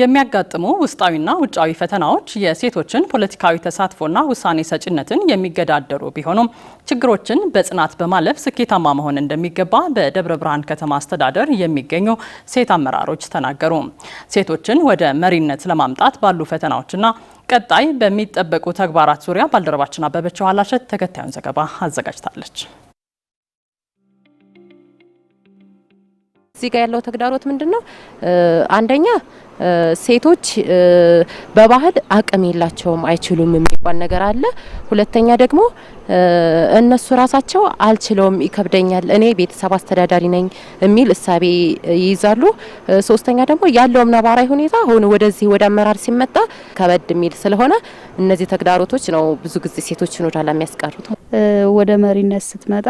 የሚያጋጥሙ ውስጣዊና ውጫዊ ፈተናዎች የሴቶችን ፖለቲካዊ ተሳትፎና ውሳኔ ሰጭነትን የሚገዳደሩ ቢሆኑም ችግሮችን በጽናት በማለፍ ስኬታማ መሆን እንደሚገባ በደብረ ብርሃን ከተማ አስተዳደር የሚገኙ ሴት አመራሮች ተናገሩ። ሴቶችን ወደ መሪነት ለማምጣት ባሉ ፈተናዎችና ቀጣይ በሚጠበቁ ተግባራት ዙሪያ ባልደረባችን አበበችው ኋላሸት ተከታዩን ዘገባ አዘጋጅታለች። እዚህ ጋር ያለው ተግዳሮት ምንድን ነው? አንደኛ ሴቶች በባህል አቅም የላቸውም አይችሉም የሚባል ነገር አለ። ሁለተኛ ደግሞ እነሱ ራሳቸው አልችለውም፣ ይከብደኛል፣ እኔ ቤተሰብ አስተዳዳሪ ነኝ የሚል እሳቤ ይይዛሉ። ሶስተኛ ደግሞ ያለውም ነባራዊ ሁኔታ አሁን ወደዚህ ወደ አመራር ሲመጣ ከበድ የሚል ስለሆነ እነዚህ ተግዳሮቶች ነው ብዙ ጊዜ ሴቶችን ወደ ኋላ የሚያስቀሩት። ወደ መሪነት ስትመጣ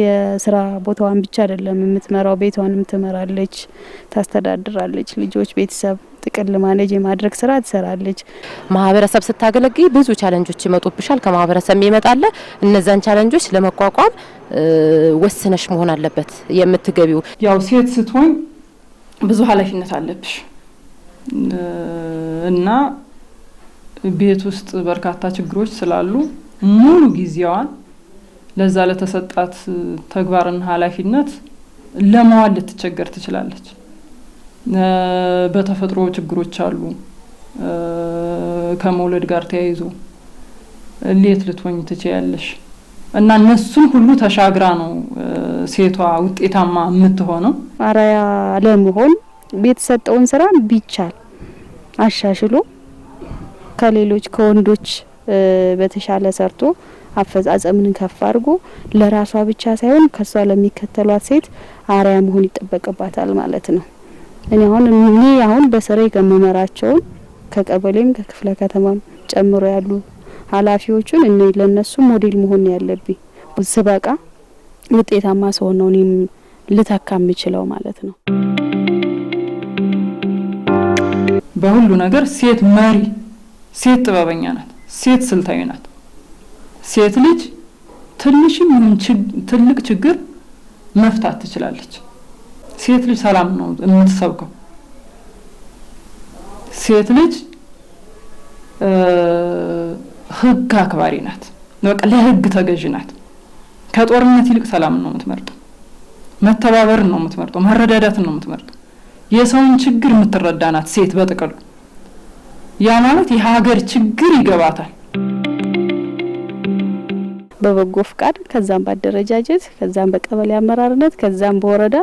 የስራ ቦታዋን ብቻ አይደለም የምትመራው፣ ቤቷንም ትመራለች፣ ታስተዳድራለች። ልጆች፣ ቤተሰብ ጥቅል ማኔጅ የማድረግ ስራ ትሰራለች። ማህበረሰብ ስታገለግይ ብዙ ቻለንጆች ይመጡብሻል፣ ከማህበረሰብ ይመጣለ። እነዛን ቻለንጆች ለመቋቋም ወስነሽ መሆን አለበት የምትገቢው። ያው ሴት ስትሆኝ ብዙ ኃላፊነት አለብሽ እና ቤት ውስጥ በርካታ ችግሮች ስላሉ ሙሉ ጊዜዋን ለዛ ለተሰጣት ተግባርና ኃላፊነት ለመዋል ልትቸገር ትችላለች። በተፈጥሮ ችግሮች አሉ። ከመውለድ ጋር ተያይዞ ሌት ልትሆኝ ትችያለሽ እና እነሱን ሁሉ ተሻግራ ነው ሴቷ ውጤታማ የምትሆነው። አራያ ለመሆን የተሰጠውን ስራ ቢቻል አሻሽሎ ከሌሎች ከወንዶች በተሻለ ሰርቶ አፈጻጸምን ከፍ አድርጎ ለራሷ ብቻ ሳይሆን ከሷ ለሚከተሏት ሴት አርያ መሆን ይጠበቅባታል ማለት ነው። እኔ አሁን እኔ አሁን በስሬ ከመመራቸውን ከቀበሌም ከክፍለ ከተማም ጨምሮ ያሉ ኃላፊዎቹን እኔ ለነሱ ሞዴል መሆን ያለብኝ ስበቃ ውጤታማ ሰው ነው እኔም ልተካ የምችለው ማለት ነው። በሁሉ ነገር ሴት መሪ ሴት ጥበበኛ ናት። ሴት ስልታዊ ናት። ሴት ልጅ ትንሽም ትልቅ ችግር መፍታት ትችላለች። ሴት ልጅ ሰላም ነው የምትሰብከው። ሴት ልጅ ህግ አክባሪ ናት። በቃ ለህግ ተገዥ ናት። ከጦርነት ይልቅ ሰላም ነው የምትመርጠው። መተባበርን ነው የምትመርጠው። መረዳዳትን ነው የምትመርጠው። የሰውን ችግር የምትረዳ ናት ሴት በጥቅሉ ያ ማለት የሀገር ችግር ይገባታል። በበጎ ፍቃድ ከዛም በአደረጃጀት ከዛም በቀበሌ አመራርነት ከዛም በወረዳ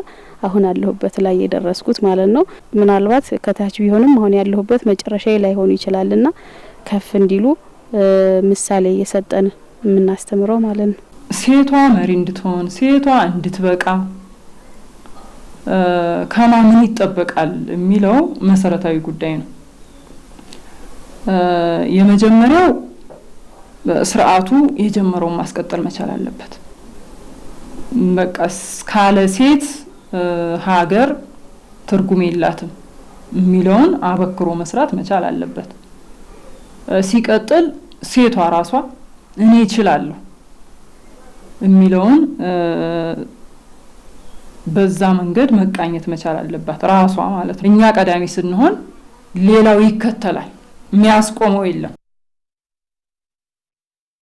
አሁን ያለሁበት ላይ የደረስኩት ማለት ነው። ምናልባት ከታች ቢሆንም አሁን ያለሁበት መጨረሻ ላይሆን ና ከፍ እንዲሉ ምሳሌ እየሰጠን የምናስተምረው ማለት ነው። ሴቷ መሪ እንድትሆን ሴቷ እንድትበቃ ከማን ይጠበቃል የሚለው መሰረታዊ ጉዳይ ነው። የመጀመሪያው ስርዓቱ የጀመረውን ማስቀጠል መቻል አለበት። በቃ ካለ ሴት ሀገር ትርጉም የላትም የሚለውን አበክሮ መስራት መቻል አለበት። ሲቀጥል ሴቷ ራሷ እኔ እችላለሁ የሚለውን በዛ መንገድ መቃኘት መቻል አለባት ራሷ ማለት ነው። እኛ ቀዳሚ ስንሆን ሌላው ይከተላል። የሚያስቆመው የለም።